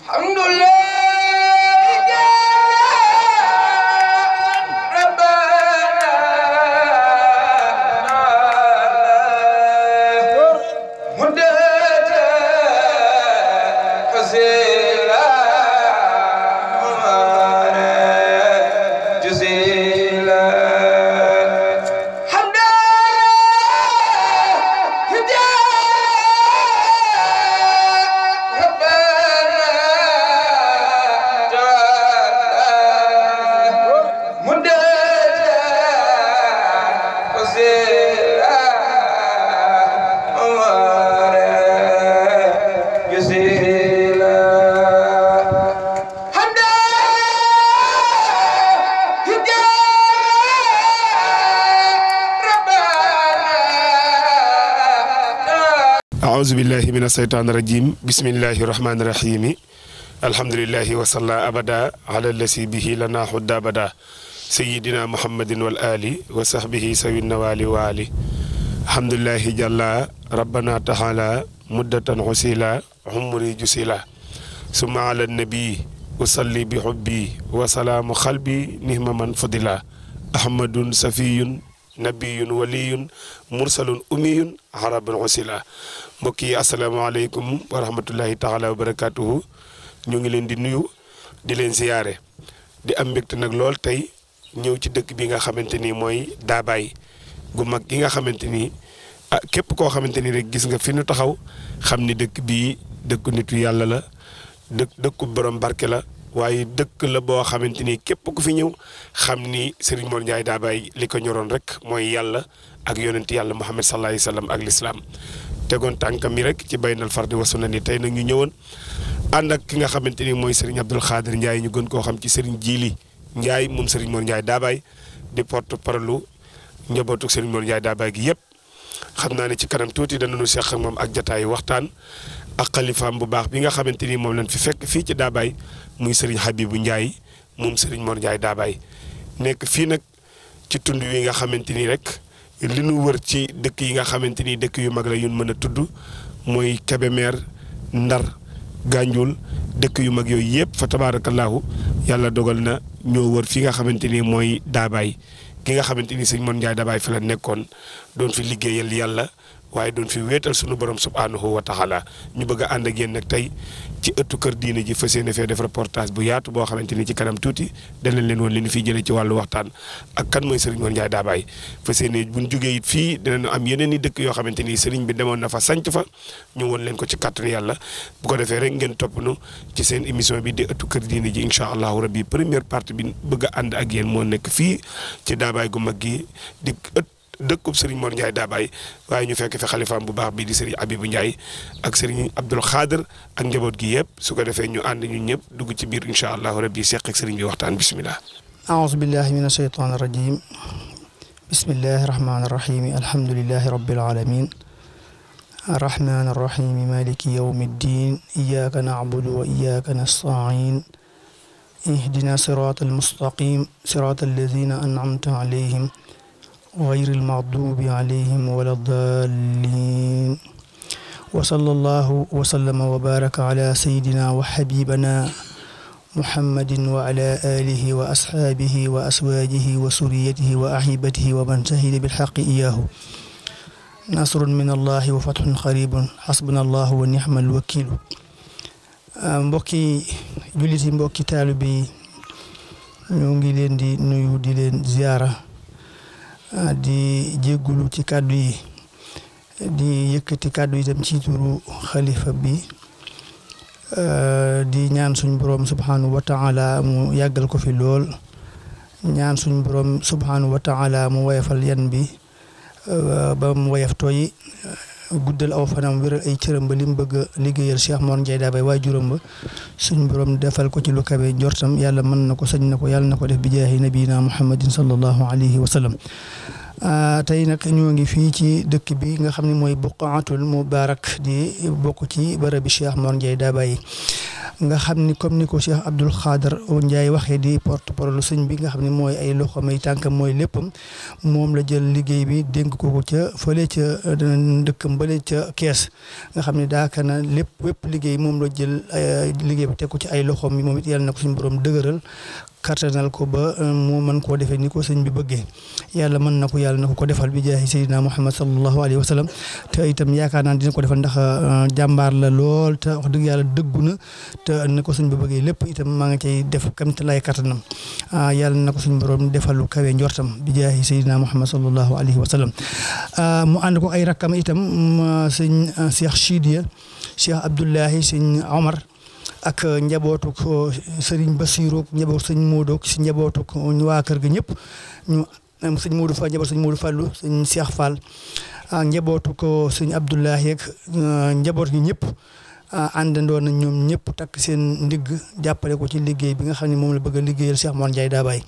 황놀래 أعوذ بالله من الشيطان الرجيم بسم الله الرحمن الرحيم الحمد لله وصلى أبدا على الذي به لنا حد أبدا سيدنا محمد والآل وصحبه سوين والي والي الحمد لله جل ربنا تعالى مدة غسيلة عمري جسيلة ثم على النبي وصلي بحبي وسلام خلبي نهم من فضلا أحمد صفي nabiyun waliyun mursalun umiyun harabun wasila mbokk yi asalaamaaleykum wa rahmatullahi taala wa ñu ngi leen di nuyu di leen ziyaare di am mbégte nag lool tey ñëw ci dëkk bi nga xamante ni mooy daabaay gu mag gi nga xamante ni ah képp koo xamante ni rek gis nga fi nu taxaw xam ni dëkk bii dëkku nitu yàlla la dëkk dëkku borom barke la waaye dëkk la boo xamante ni képp ku fi ñëw xam ni Serigne Mor Ndiaye daa bàyyi li ko ñoroon rek mooy yàlla ak yonent yàlla Muhammad sallallahu alayhi wa sallam ak lislaam tegoon tànkam yi rek ci baynal fardi wa sunna ni tey nag ñu ñëwoon ànd ak ki nga xamante ni mooy Serigne Abdoul Khadir Ndiaye ñu gën koo xam ci Serigne Djili Ndiaye moom Serigne moon Ndiaye daa di porte parole njabootu Serigne Mor Ndiaye daa bàyyi gi yëpp xam naa ne ci kanam tuuti danañu seq ak moom ak jataayu waxtaan. ak xalifaam bu baax bi nga xamante ni moom lañ fi fekk fii ci Daabay muy Serigne Habibou Ndiaye moom Serigne Mor Ndiaye Daabay nekk fii nag ci tund wi nga xamante ni rek li nu wër ci dëkk yi nga xamante ni dëkk yu mag la yun mën a tudd mooy Kébémer Ndar Gànjul dëkk yu mag yooyu yëpp fa tabaarakallaahu yàlla dogal na ñoo wër fi nga xamante ni mooy Daabay ki nga xamante ni sëñ Mor Ndiaye Daabay fi la nekkoon doon fi liggéeyal yàlla waaye doon fi wéetal sunu borom subhanahu wa taala ñu bëgg a ànd ak yéen nag tey ci ëttu kër diine ji fas yéene fee def reportage bu yaatu boo xamante ni ci kanam tuuti danañ leen woon li ñu fiy jëlee ci wàllu waxtaan ak kan mooy sëriñ Mor Ndiaye Dabaye fas yéene buñ jógee it fii dinañ am yeneen i dëkk yoo xamante ni sëriñ bi demoon na fa sanc fa ñu woon leen ko ci kàttanu yàlla bu ko defee rek ngeen topp nu ci seen émission bi di ëttu kër diine ji incha allahu rabbi première partie bi bëgg ànd ak yéen moo nekk fii ci Dabaye gu mag gi di dëkkub Serigne Mor Ndiaye dabay waaye ñu fekk fi khalifa bu baax bi di Serigne Abibou Ndiaye ak Serigne Abdoul Khader ak njabot gi yeb su ko defé ñu ànd ñun ñep dugg ci bir inshallah rabbi seq ak Serigne bi waxtaan bismillah a'udhu billahi minash shaitanir rajim bismillahir rahmanir rahim alhamdulillahi rabbil alamin الرحمن الرحيم مالك يوم الدين إياك نعبد وإياك نستعين اهدنا صراط المستقيم صراط الذين أنعمت عليهم غير المغضوب عليهم ولا الضالين وصلى الله وسلم وبارك على سيدنا وحبيبنا محمد وعلى آله وأصحابه وأسواجه وسريته وأحبته ومن شهد بالحق إياه نصر من الله وفتح قريب حسبنا الله ونعم الوكيل مبكي جلسي مبكي تالبي bi ñoo ngi نيو di nuyu Ah, di jéggulu ci kàddu yi di yëkkati kàddu yi tam ci turu xalifa bi ah, di ñaan suñ boroom subhanahu wa taala mu yàggal ko fi lool ñaan suñ boroom subhanahu wa taala mu woyafal yan bi ah, ba mu tooy guddal aw fanam wéral ay cëram ba li mu bëgg a liggéeyal Cheikh Mor Ndiaye Dabaye waaye juróom ba suñu defal ko ci lu kawe njortam yàlla mën na ko sañ na ko yàlla na ko def bi jaahi nabiyina muhammadin sallallahu alayhi wa sallam ah, tey nag ñoo ngi fii ci dëkk bi nga xam ne mooy buqaatul mubarak di bokk ci barabi Cheikh Mor Ndiaye Dabaye nga xam ni comme ni ko Cheikh Abdoul Khader Ndiaye waxee di porte parole sëñ bi nga xam ne mooy ay loxoom ay tànkam mooy léppam moom la jël liggéey bi dénk ko ko ca fële ca dëkkam bële ca kees nga xam ne daaka na lépp wépp liggéey moom la jël liggéey bi teg ko ci ay loxoom yi moom it yàlla na ko suñu borom dëgëral kattanal ko ba euh, mu mën koo defee ni ko sëñ bi bëggee yàlla man na ko yàlla na ko ko defal bi jaahi sayyidina Muhammad sallallahu alayhi wa sallam te itam yaakaar naa dina ko defal ndax euh, jàmbaar la lool wax dëgg yàlla dëggu na te na ko sëñ bi bëggee lépp itam maa ngi cay def kam te lay kattanam ah, yàlla na ko suñ borom defalu kawe njortam bi jaahi sayyidina Muhammad sallallahu alayhi wa sallam ah, mu ànd ko ay rakkam itam sëñ ah, Cheikh Chidia Cheikh Abdoulahi sëñ Omar ak uh, serigne basirou Basiiru serigne modou ci si uh, ñu wa kër ga ñep ñu sëñ Moodu Fall njaboot sëñ Moodu Fallu serigne Cheikh Fall njabootuk uh, sëñ Abdullah, ak njaboot gi ñep Euh, àndandoo nañ ñoom ñëpp takk seen ndigg jàppale ko ci liggéey bi nga xam ne moom la bëgg a liggéeyal Cheikh Mawone Ndiaye Dabaye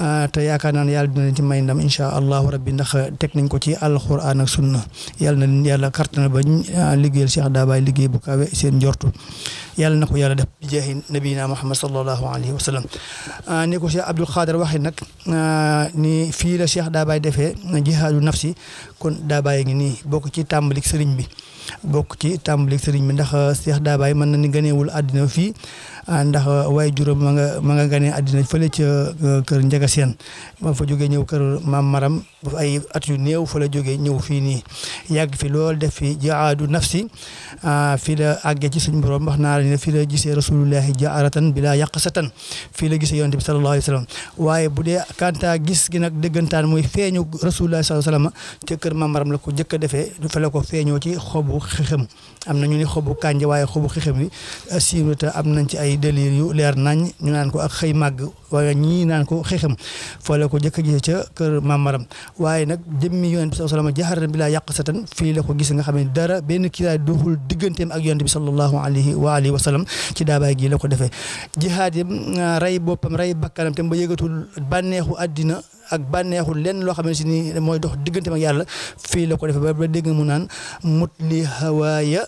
euh, te yaakaar naa ne yàlla dina leen ci may ndam incha allahu rabbi ndax teg nañ ko ci alxuraan ak sunna yàlla na leen yàlla kartana ba euh, liggéeyal Cheikh Dabaye liggéey bu kawe seen njortu yàlla na ko yàlla def bi jeexi nabina Muhammad sallallahu alayhi wa sallam ni ko Cheikh Abdoul Khader na nag ni fii la Cheikh Dabaye defee jihaadu nafsi kon Dabaye ngi nii bokk ci tàmbalik sëriñ bi bokk ci tàmbalik sëriñ bi ndax Seex Daabaay mën na ni gëneewul àddina fii Ah, ndax uh, waaye juróom ma nga ma nga gane àddina fële ca uh, kër Njaga Seen ma fa jógee ñëw kër maam Maram ay at yu néew fa la jógee ñëw fii nii yàgg fi lool def fi jaadu nafsi ah, fii la àggee ci suñu borom wax naa la ne fii la gisee rasulullahi jaaratan bila yaqasatan fii la gisee yonent bi sallallahu alayhi wa sallam waaye bu dee kanta gis gi nag dëggantaan muy feeñu rasulullahi sallallahu alayhi wa sallam ca kër maam Maram la ko jëkk a defee fa la ko feeñoo ci xobu xixam am na ñu ne xobu kànja waaye xobu xixam wi uh, siinuta am nañ ci ay délire yu leer nañ ñu naan ko ak xëy màgg waaye ñii naan ko xëxam fa la ko jëkk gisee ca kër mamaram waaye nag jëmmi yonent bi sallallahu alayhi wa sallam bi laa yàq satan fii la ko gis nga xam ne dara benn kiiraay doxul digganteem ak yonent bi sallallahu alayhi wa alihi wa sallam ci daabaay gi la ko defee jihaad yi ray boppam rey bakkanam te ba yëgatul bànneexu àddina ak bànneexul lenn loo xam ne si ni mooy dox digganteem ak yàlla fii la ko defee ba dégg mu naan mut li hawaaya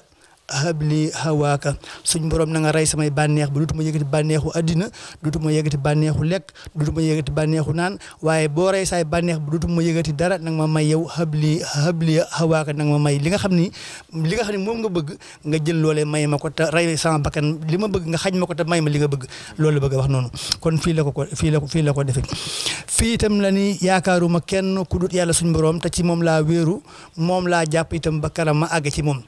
habli hawaaka suñ borom na nga rey samay bànneex ba dootuma yëgati banneexu addina ma dootuma yëgati bànneexu lekk dootuma yëgati bànneexu naan waaye boo rey saay bànneex ba dootuma yëgati dara nag ma may yow habli habli hawaaka nag ma may li nga xam ni li nga xam ni moom nga bëgg nga jël loole may ma ko ta rey sama bakkan li ma bëgg nga xañ ma ko te may ma li nga bëgg loolu bëgg a wax noonu kon fii la ko ko fii la ko fii la ko defee fii itam la ni yaakaaruma kenn ku dut yàlla suñ borom te ci moom laa wéeru moom laa jàpp itam ba karam ma àgg ci moom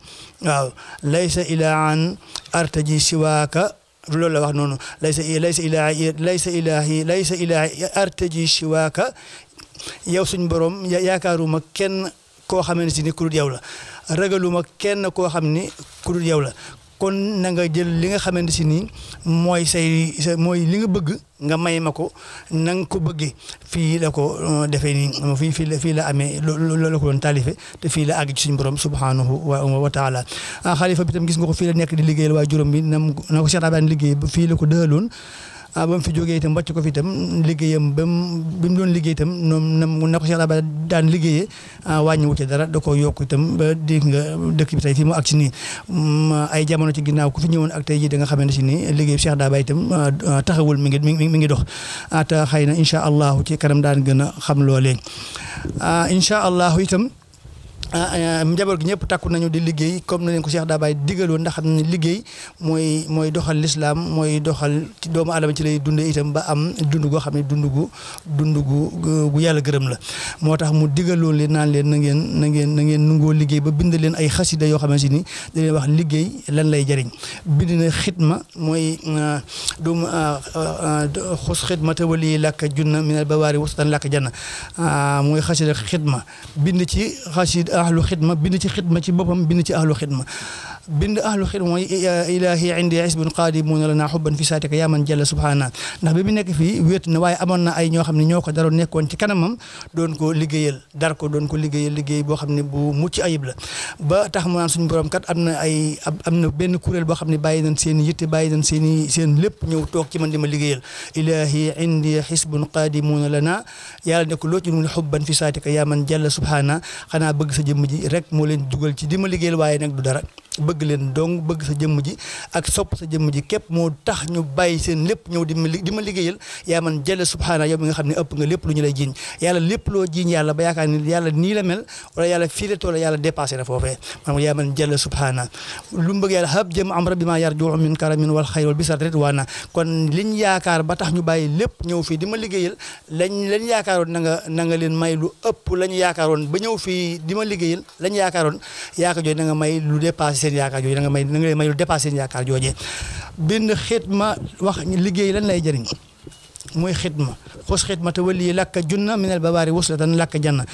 laysa ilaa an artaji siwaaka loolu la wax noonu laysa laysa ilaahi laysa ilaahi laysa ilaahi artaji siwaaka yow suñ borom yaakaaruma kenn koo xamee ne si ni ku dul yow la ragaluma kenn koo xam ni ku dul yow la kon na nga jël li nga xamante si nii mooy say mooy li nga bëgg nga may ma ko na nga ko bëggee fii la ko euh, defee nii fii fii la fii la amee loolu la ko doon taalife te fii la àgg ci suñu borom subhanahu wa taala ah, xalifa bi tam gis nga ko fii la nekk di liggéeyal waaye juróom bi na ko seetaan liggéey fii la ko dëhaloon Ah, ba mu fi joge itam wàcc ko fi itam liggéeyam ba mu bi mu doon liggéey itam noonu na ko Cheikh Abdou daan liggéeyee ah, wàññiwu ci dara da ko yokk itam ba dégg nga dëkk bi tey fii mu ak si mm, ay jamono ci ginnaaw ku fi ñëwoon ak tey jii da nga xamante si nii liggéey Cheikh Daba itam ah, taxawul mi ngi mi ngi dox te xëy na incha allahu ci kanam daan gën a xam loolee incha allahu itam Ah, eh, njaboot gi ñëpp takku nañu di liggéey comme na leen ko Cheikh Dabaye digaloon ndax xam ne liggéey mooy mooy doxal lislaam mooy doxal ci doomu aadama ci lay dundee itam ba am dund goo xam ne dund gu dund gu gu yàlla gërëm la moo tax mu digaloon leen naan leen na ngeen na ngeen na ngeen nungoo liggéey ba bind leen ay xasida yoo xamante ni da leen wax liggéey lan lay jariñ bind na xitma mooy ah, dum ah, xos xitma te wali làkk junna minal bawaari wastan làkk janna mooy xasida xitma bind ci ahlu xidma bind ci xidma ci boppam bind ci ahlu xidma bind ahlu xir mooy ilaahi indi isbun qaadimuuna lanaa xubban fi saatika yaa man jalla subhaana ndax bi mu nekk fii wéet na waaye amoon na ay ñoo xam ne ñoo ko daroon nekkoon ci kanamam doon ko liggéeyal dar ko doon ko liggéeyal liggéey boo xam ne bu mucc ayib la ba tax mu naan suñu borom kat am na ay am na benn kuréel boo xam ne bàyyi nañ seen yitte bàyyi nañ seen i seen lépp ñëw toog ci man di ma liggéeyal ilaahi indi xisbun qaadimuuna lanaa yàlla ne ko loo ci mun xubban fi saatika yaa man jalla subhaana xanaa bëgg sa jëmm ji rek moo leen dugal ci di ma liggéeyal waaye nag du dara bëgg leen dong bëgg sa jëmm ji ak sopp sa jëmm ji képp moo tax ñu bàyyi seen lépp ñëw di ma di ma liggéeyal yaa man jële subhaana yow mi nga xam ne ëpp nga lépp lu ñu lay jiiñ yàlla lépp loo jiiñ yàlla ba yaakaar ni yàlla la la toll yàlla dépassé na foofee maanaam yaa man jële subhaana lu mu bëgg yàlla hab jëm am rabbi maa yarjuu min karamin wal xayr wal bisar ridwaana kon liñ yaakaar ba tax ñu ma liggéeyal lañ lañ yaakaaroon na nga na nga leen may lu ëpp lañ yaakaaroon ba ñëw fii di ma liggéeyal lañ yaakaaroon yaaka jooy na nga may lu dépassé seen yaakaar jooju da nga may da nga may lu dépassé seen yaakaar joojee benn ma wax liggéey lan lay jëriñ mooy xidma xus xidma te wali lakka junna minel babaari wuslatan lakka la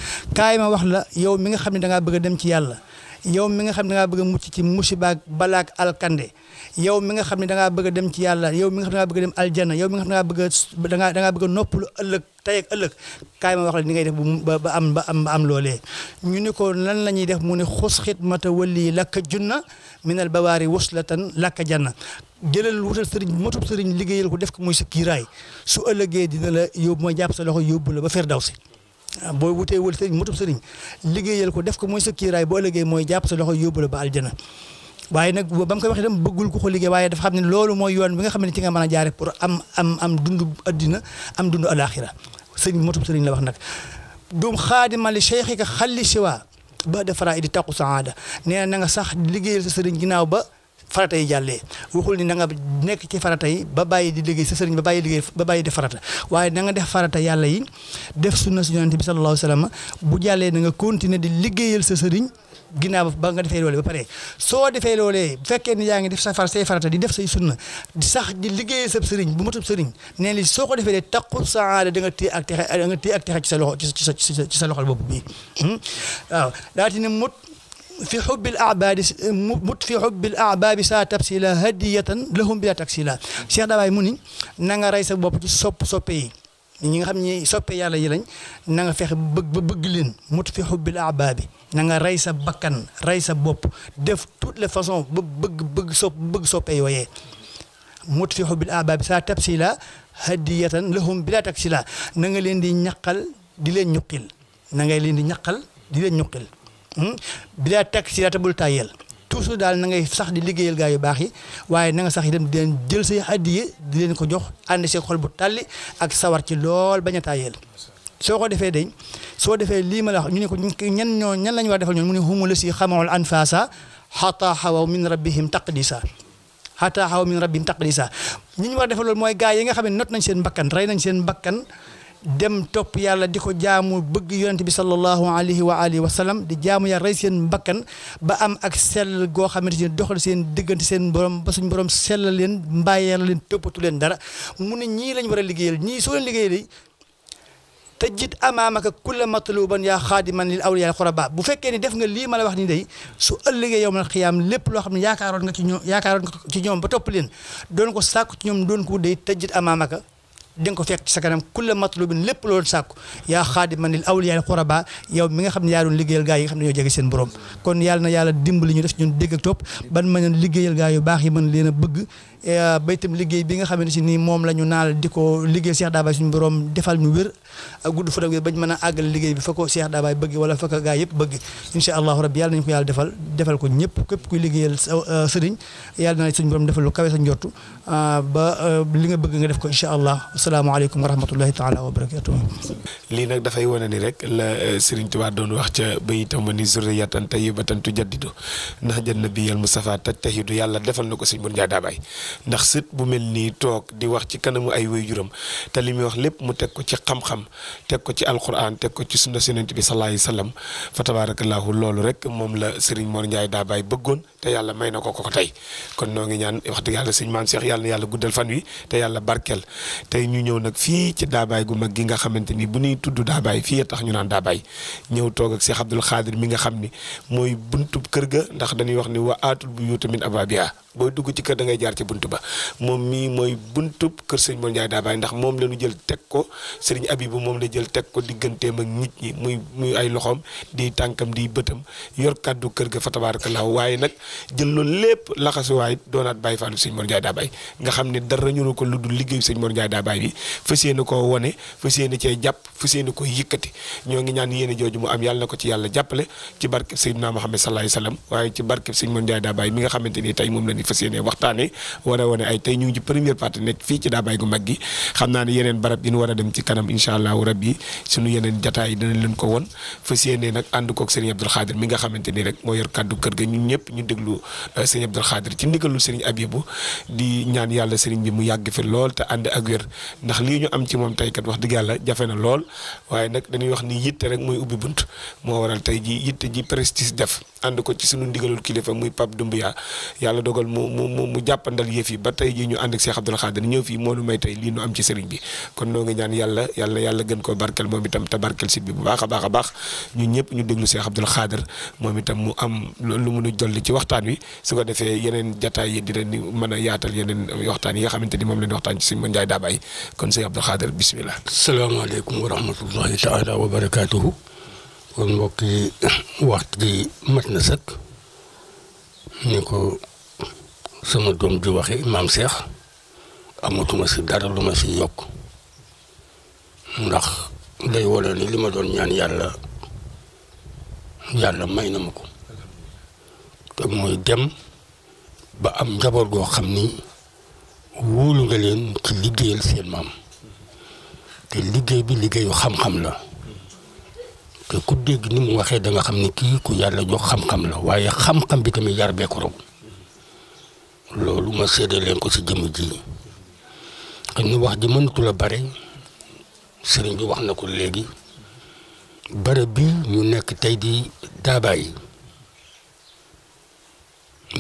yow mi nga xam ne da ngaa bëgg ci yàlla yow nga xam ne da ngaa bëgg a mucc ci musibaak balaak alkande yow mi a dem ci yàlla yow mi nga xam ne da ngaa bëgg a dem aljanna yow mi nga xam ne da ngaa bëgg a da ngaa da a noppalu ëllëg tey ëllëg kaay ma wax la ni ngay def ba ba am ba am ba am loolee ñu ni ko lan la ñuy def mu ne xus xidmata wali lakka junna minal bawaari waslatan lakka janna jëlal wutal sëriñ motub sëriñ liggéeyal ko def ko muy sa kiiraay su ëllëgee dina la yóbbu mooy jàpp sa loxo yóbbu la ba fer daw si ah, boo wutee wal sëriñ motub sëriñ liggéeyal ko def ko muy sa kiiraay boo ëllëgee mooy jàpp sa loxo yóbbu la ba aljana waaye nag ba mu koy wax itam bëggul ko ko liggéey waaye dafa xam ne loolu mooy yoon bi nga xam ne ci nga a jaare pour am am am dund addina am dund alaxira sëñ motub sëriñ la wax nag dum xaadima li cheikhika xalli siwa ba defara di taqu saada nee na nga sax liggéeyal sa sëriñ ginnaaw ba farata yi jàllee waxul ni na nekk ci farata yi ba bàyyi di liggéey sa sëriñ ba bàyyi di farata waaye na nga def farata yàlla yi def sunna si yonente bi sallallahu nga continuer di liggéeyal sa sëriñ ginnaaw ba nga defee loolee ba pare soo defee loolee bu fekkee ni yaa ngi def sa far say farata di def say sunna di sax di liggéeyee sa sëriñ bu matub sëriñ nee soo ko defee de taqu saada da nga téye ak texe da nga téye ak texe ci sa loxo ci sa ci sa ci sa loxol bopp bi hmm? waaw daati ne mut في حب الأعباد مت في حب الأعباب saa tabsila hadiyatan lahum bi taksila Cheikh Dabaye mu ni na nga rey sa bopp ci sopp soppe yi ñi nga xam ne soppe yàlla yi lañ na nga fexe bëgg ba bëgg leen mut fi xubbil ahbaabi na nga rey sa bakkan rey sa bopp def toutes les façons ba bëgg bëgg sopp bëgg soppe yooyee mut fi xubbil ahbaabi saa tabsila hadiyatan lahum bi taksila na nga leen di ñaqal di leen ñuqil na nga leen di ñaqal di leen ñuqil Hmm? bi daa takk si daata bul yel toujours daal na ngay sax di liggéeyal gaa yu baax yi waaye na nga sax itam di leen jël say addiye di leen ko jox ànd si xol bu tàlli ak sawar ci lool bañ a tàyyeel soo ko defee dañ soo defee lii ma la ñu ne ko ñan ñoo ñan la ñu war defal ñoon mu ne humu la si xamaul anfasa xata xawaw min rabbihim taqdisa xata xawaw min rabbihim taqdisa ñi ñu war defal loolu mooy gaa yi nga xam ne not nañ seen bakkan rey nañ seen bakkan dem topp yàlla di ko jaamu bëgg yonente bi sallallahu alayhi wa alihi wa sallam di jaamu yàlla rey seen mbakkan ba am ak sell goo xamante ni doxal seen diggante seen borom ba suñ borom sell leen mbaayee la leen toppatu leen dara mun ne ñii lañ war a liggéeyal ñii soo leen liggéeyal tajid amaamaka kulla matluban yaa xaadiman lil awliya al xuraba bu fekkee ni def nga lii ma la wax ni day su ëllëgee yowmal lépp loo xam ne yaakaaroon nga ci ñoom nga ci ñoom ba topp leen doon ko sàkku ci ñoom doon ko day tajid amaamaka di nga ko fekk ci sa kulla matlubin lépp loolu sàkku yaa xaadiman lil awliya al xuraba yow mi nga xam ne yaa doon liggéeyal gaa yi nga xam ne ñoo jege seen borom kon yàlla na yàlla dimbali ñu def ñun dégg ak topp ban mën a liggéeyal gaa yu baax yi mën leen a bëgg Euh, ba itam liggéey bi xamante nii moom la ñu naal di ko liggéey Cheikh Daabaay suñu borom defal ñu wér ak gudd fa bañ mën a àggal liggéey bi fa ko Cheikh Daabaay bëgg wala fa ko yëpp bëgg incha allahu ko yàlla defal defal ko ñëpp képp kuy liggéeyal euh, sëriñ yàlla na suñu borom defal lu kawe sa njortu euh, ba li nga bëgg nga def ko incha allah asalaamaaleykum wa rahmatullahi taala wa barakatuh lii nag dafay wane ni rek la Sëriñ Tuubaa doon wax ca bayitam ni zurriyatan tayyibatan tujaddidu ndax jën na bi yal Mustafa taj tahidu yàlla defal na ko Sëriñ Mor Ndiaye Dabaye ndax sët bu mel nii toog di wax ci kanamu ay waajuram te li muy wax lépp mu teg ko ci xam-xam teg ko ci alquran teg ko ci sunna Yonent bi sallallahu alayhi wa sallam fa tabaarakallaahu loolu rek moom la Serigne Mor Ndiaye daa bàyyi bëggoon te yàlla may na ko ko tey kon noo ngi ñaan wax dëgg yàlla sëñ Maam Cheikh yàlla na yàlla guddal fan wi te yàlla barkeel tey ñu ñëw nag fii ci daabaay gu mag gi nga xamante ni bu ñuy tudd daabaay fii tax ñu naan daabaay ñëw toog ak Cheikh Abdoul mi nga xam ni mooy buntub kër ga ndax dañuy wax ni wa aatul bu yuuta min abaabiha booy dugg ci kër da ngay jaar ci bunt ba moom mii mooy buntub kër sëñ Mor Ndiaye Dabaye ndax moom la ñu jël teg ko sëriñ Abibu moom la jël teg ko digganteem ak nit ñi muy muy ay loxoom di tànkam di bëtam yor kàddu kër ga fa tabaarakallaa waaye nag jël loolu lépp laxasuwaay doonaat bàyyi faalu sëñ Mor Ndiaye Dabaye nga xam ne dara ñu ko lu dul liggéeyu sëñ Mor Ndiaye Dabaye bi fas koo wone fas yéene cee jàpp fas yéene ko yëkkati ñoo ngi ñaan yéene jooju mu am yàlla na ko ci yàlla jàppale ci barkeb Seydina wa sallam waaye ci barkeb sëñ Mor Ndiaye ni tey moom la lañu fas yéene waxtaane war a wane ay tey ñu ngi ci première partie nekk fii ci daa gu mag gi xam naa ne yeneen barab yi ñu war a dem ci kanam incha allahu rabbi suñu yeneen jataay yi dinañ leen ko won fas yéene nag ànd kook sëriñ Abdul Xaadir mi nga xamante ni rek moo yor kàddu kër ga ñun ñëpp ñu déglu euh, sëriñ Abdul Xaadir ci ndigalu sëriñ Abibu di ñaan yàlla sëriñ bi mu yàgg fi lool te ànd ak wér ndax lii ñu am ci moom tey kat wax dëgg yàlla jafe na lool waaye nag dañuy wax ni yitte rek mooy ubbi bunt moo waral tey ji yitte ji prestige def ànd ko ci sunu ndigalul kilifa muy Pape Doumbia yàlla dogal mu mu mu jàppandal yëf yi ba tey jii ñu ànd ak Cheikh Abdoul Khadir ñëw fii moo may tey lii nu am ci sëriñ bi kon noo ngi ñaan yàlla yàlla yàlla gën koo barkel moom itam te barkel site bi bu baax a baax a baax ñëpp ñu déglu Cheikh Abdoul Khadir moom itam mu am lu mu nu dolli ci waxtaan wi su ko defee yeneen jataay yi di leen mën a yaatal yeneen waxtaan yi nga xamante ni moom leen waxtaan ci Serigne Mandiaye Dabaye kon Cheikh Abdoul Khadir bismillah salaamaaleykum wa rahmatullahi taala wa barakatuhu kon mbokk wax ji mat na sëkk ni ko sama doom di waxee maam Cheikh amatuma si dara lu si yokk ndax day wala ni li ma doon ñaan yàlla yàlla may na ma ko te mooy dem ba am njaboot goo xam ni wóolu nga leen ci liggéeyal seen maam te liggéey bi liggéeyu xam-xam la ku dégg ni mu waxee da nga xam ni kii ku yàlla jox xam-xam la waaye xam-xam bi tamit yar bee ko raw loolu ma séddee ko si jëm ji xëy na wax ji mënatu la bare sëriñ bi wax na ko léegi bare bi ñu nekk tey di daabaay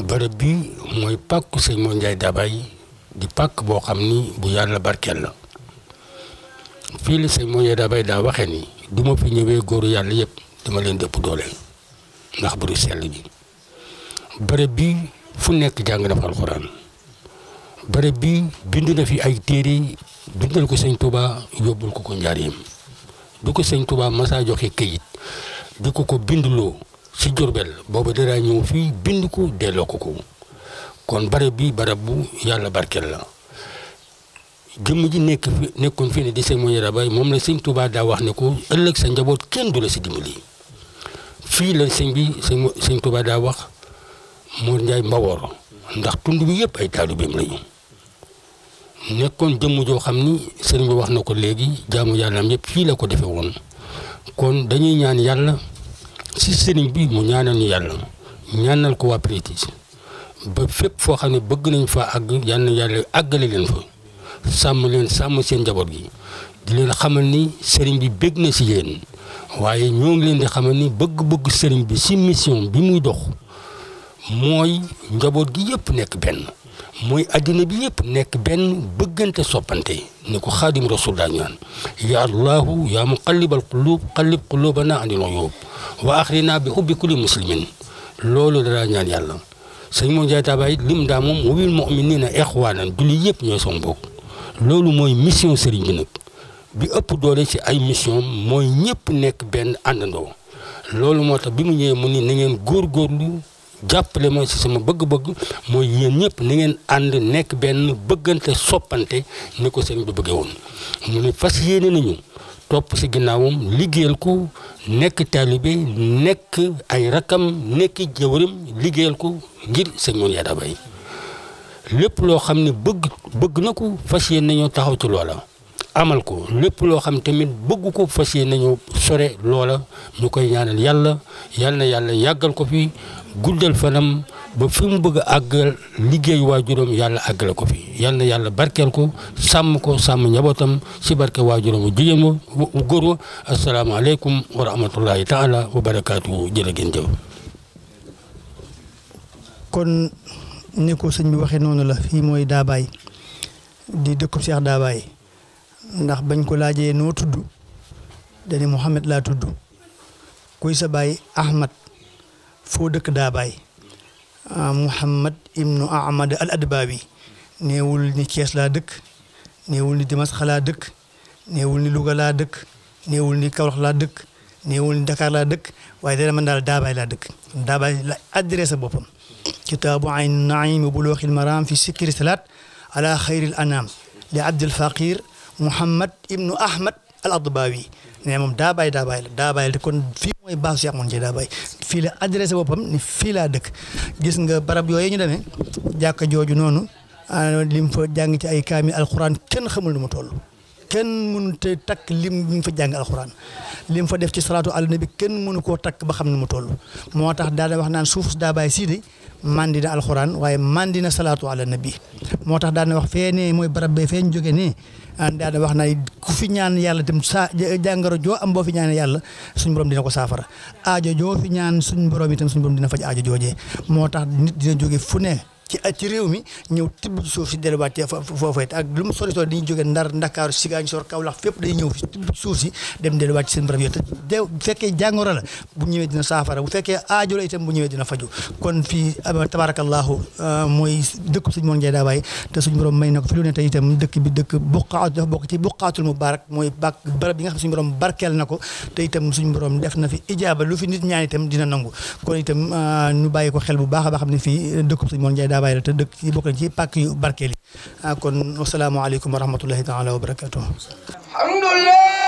bare bi mooy pàkku sëñ moo njaay daabaay di pàkk boo xam bu yàlla barkeel la fii la sëñ moo njaay daa waxe ni bu fi ñëwee góoru yàlla yëpp dama leen dëpp doole ndax bëru sell bi bërëb bi fu nekk jàng na fa alxuraan bërëb bi bind na fi ay téere bindal ko sëñ Touba yóbbul ko ko njaareem du ko sëñ Touba masaa joxe këyit du ko ko bindloo si Jurbel booba dara ñëw fii bind ko delloo ko ko kon bërëb bi bërëb bu yàlla barkeel la jëmm ji nekk fi nekkoon fii ne di sëñ Mounirou Rabaye moom la sëñ Touba daa wax ne ko ëllëg sa njaboot kenn du la si dimbali fii la sëñ bi sëñ sëñ daa wax Mor Ndiaye Mbaworo ndax tund bi yëpp ay taalibeem lañu nekkoon jëmm joo xam ni sëriñ bi wax na ko léegi jaamu yàlla am yëpp fii la ko defee woon kon dañuy ñaan yàlla si sëriñ bi mu ñaanal ñu yàlla ñaanal ko waa Prétis ba fépp foo xam ne bëgg nañ fa àgg yàlla na àggale leen fa. sàmm leen sàmm seen njaboot gi di leen xamal ni sëriñ bi bég na si yéen waaye ñoo ngi leen di xamal ni bëgg-bëgg sëriñ bi si mission bi muy dox mooy njaboot gi yëpp nekk benn mooy àddina bi yëpp nekk benn bëggante soppante ni ko xaadim rasul daa ñaan yaa allahu yaa muqallibal qulub qallib qulubana anil uyub wa axrina bi hubbi kulli muslimin loolu dadaa ñaan yàlla sëñ moo njaay taabaay lim daa moom wabil muminina ixwanan julli yëpp ñooy son bokk loolu mooy mission sëriñ bi nag bi ëpp doole ci ay mission mooy ñëpp nekk benn àndandoo loolu moo tax bi mu ñëwee mu ni na ngeen góorgóorlu jàppale ma ci sama bëgg-bëgg mooy yéen ñëpp na ngeen ànd nekk benn bëggante soppante ni ko sëriñ bi bëggee woon mu ne fas yéene nañu topp si ginnaawam liggéeyal ko nekk taalibe nekk ay rakkam nekk jëwëram liggéeyal ko ngir sëñ Mor Diarra Baye lépp loo xam ne bëgg bëgg na ko fas yéene nañoo taxaw ci loola amal ko lépp loo xam tamit bëgg ko fas yéene nañoo sore loola ñu koy ñaanal yàlla yàlla na yàlla yàggal ko fi guddal fanam ba fi mu bëgg a àggal liggéey waajuram yàlla àggale ko fi yàlla na yàlla barkeel ko sàmm ko sàmm njabootam si barke waajuram bu jigéen wa bu góor ma asalaamaaleykum wa rahmatullahi taala wa barakaatu jërë ngeen jëf kon ni ko sëñ bi waxee noonu la fii mooy Daabaay di dëkkub Seex Daabaay ndax bañ ko laajee noo tudd dani Mouhamed laa tudd kuy sa baay Ahmad foo dëkk Daabaay ah, Mouhamed ibnu Ahmad al Adbaabi neewul ni Thiès laa dëkk neewul ni Dimasxa laa dëkk neewul ni Louga laa dëkk neewul ni Kaolack laa dëkk neewul ni Dakar laa dëkk waaye dana man daal Daabaay laa dëkk Daabaay la adresse boppam كتاب عين النعيم وبلوغ المرام في ست رسالات على خير الأنام لعبد الفقير محمد ابن أحمد الأضباوي ne moom daabaay daabaay la daabaay la kon fii mooy baasu Cheikh Mounde Ndiaye daabaay fii la adressé boppam ne fii laa dëkk gis nga barab yooyu ñu demee jàkka jooju noonu lim fa jàng ci ay kaami alxuraan kenn xamul nu mu toll kenn mënut a takk lim mu fa jàng alxuraan lim fa def ci salaatu ala nabi kenn mënu koo takk ba xam ne mu toll moo tax daana wax naan suuf daabaay sii de mandi na alxuraan waaye mandi na salaatu ala nabi moo tax daan wax fee ne mooy barab bee fee ñu jógee nii ah, daan wax na ku fi ñaan yàlla tam saa jàngoro joo am boo fi ñaan yàlla suñu borom dina ko saafara aajo joo fi ñaan suñu borom itam suñu borom dina faj aajo joojee moo tax nit dina jóge fu ne ci ci réew mi ñëw tibb suuf si delluwaatee foofu it ak lu mu sori sori dañuy jóge Ndar Ndakaaru Ziguinchor Kaolack fépp day ñëw si tibb si dem delluwaat ci seen barab yooyu te deew bu fekkee jàngoro la bu ñëwee dina saafara bu fekkee aajo itam bu ñëwee dina faju kon fii tabarakallahu euh, mooy dëkk suñu moon Ndiaye daa bàyyi te suñu borom may na ko fi lu ne tey itam dëkk bi dëkk buqaatu dafa bokk ci buqaatul mubaarak mooy bak barab bi nga xam suñu borom barkeel na ko te itam suñu borom def na fi ijaaba lu fi nit ñaan itam dina nangu kon itam euh, ñu bàyyi ko xel bu baax a baax xam ne fii dëkk suñu moon Ndiaye Baay la te dëkk ci bokk ci pàkk yu barkeel yi ah kon wasalaamaaleykum wa rahmatullahi taala alhamdulillah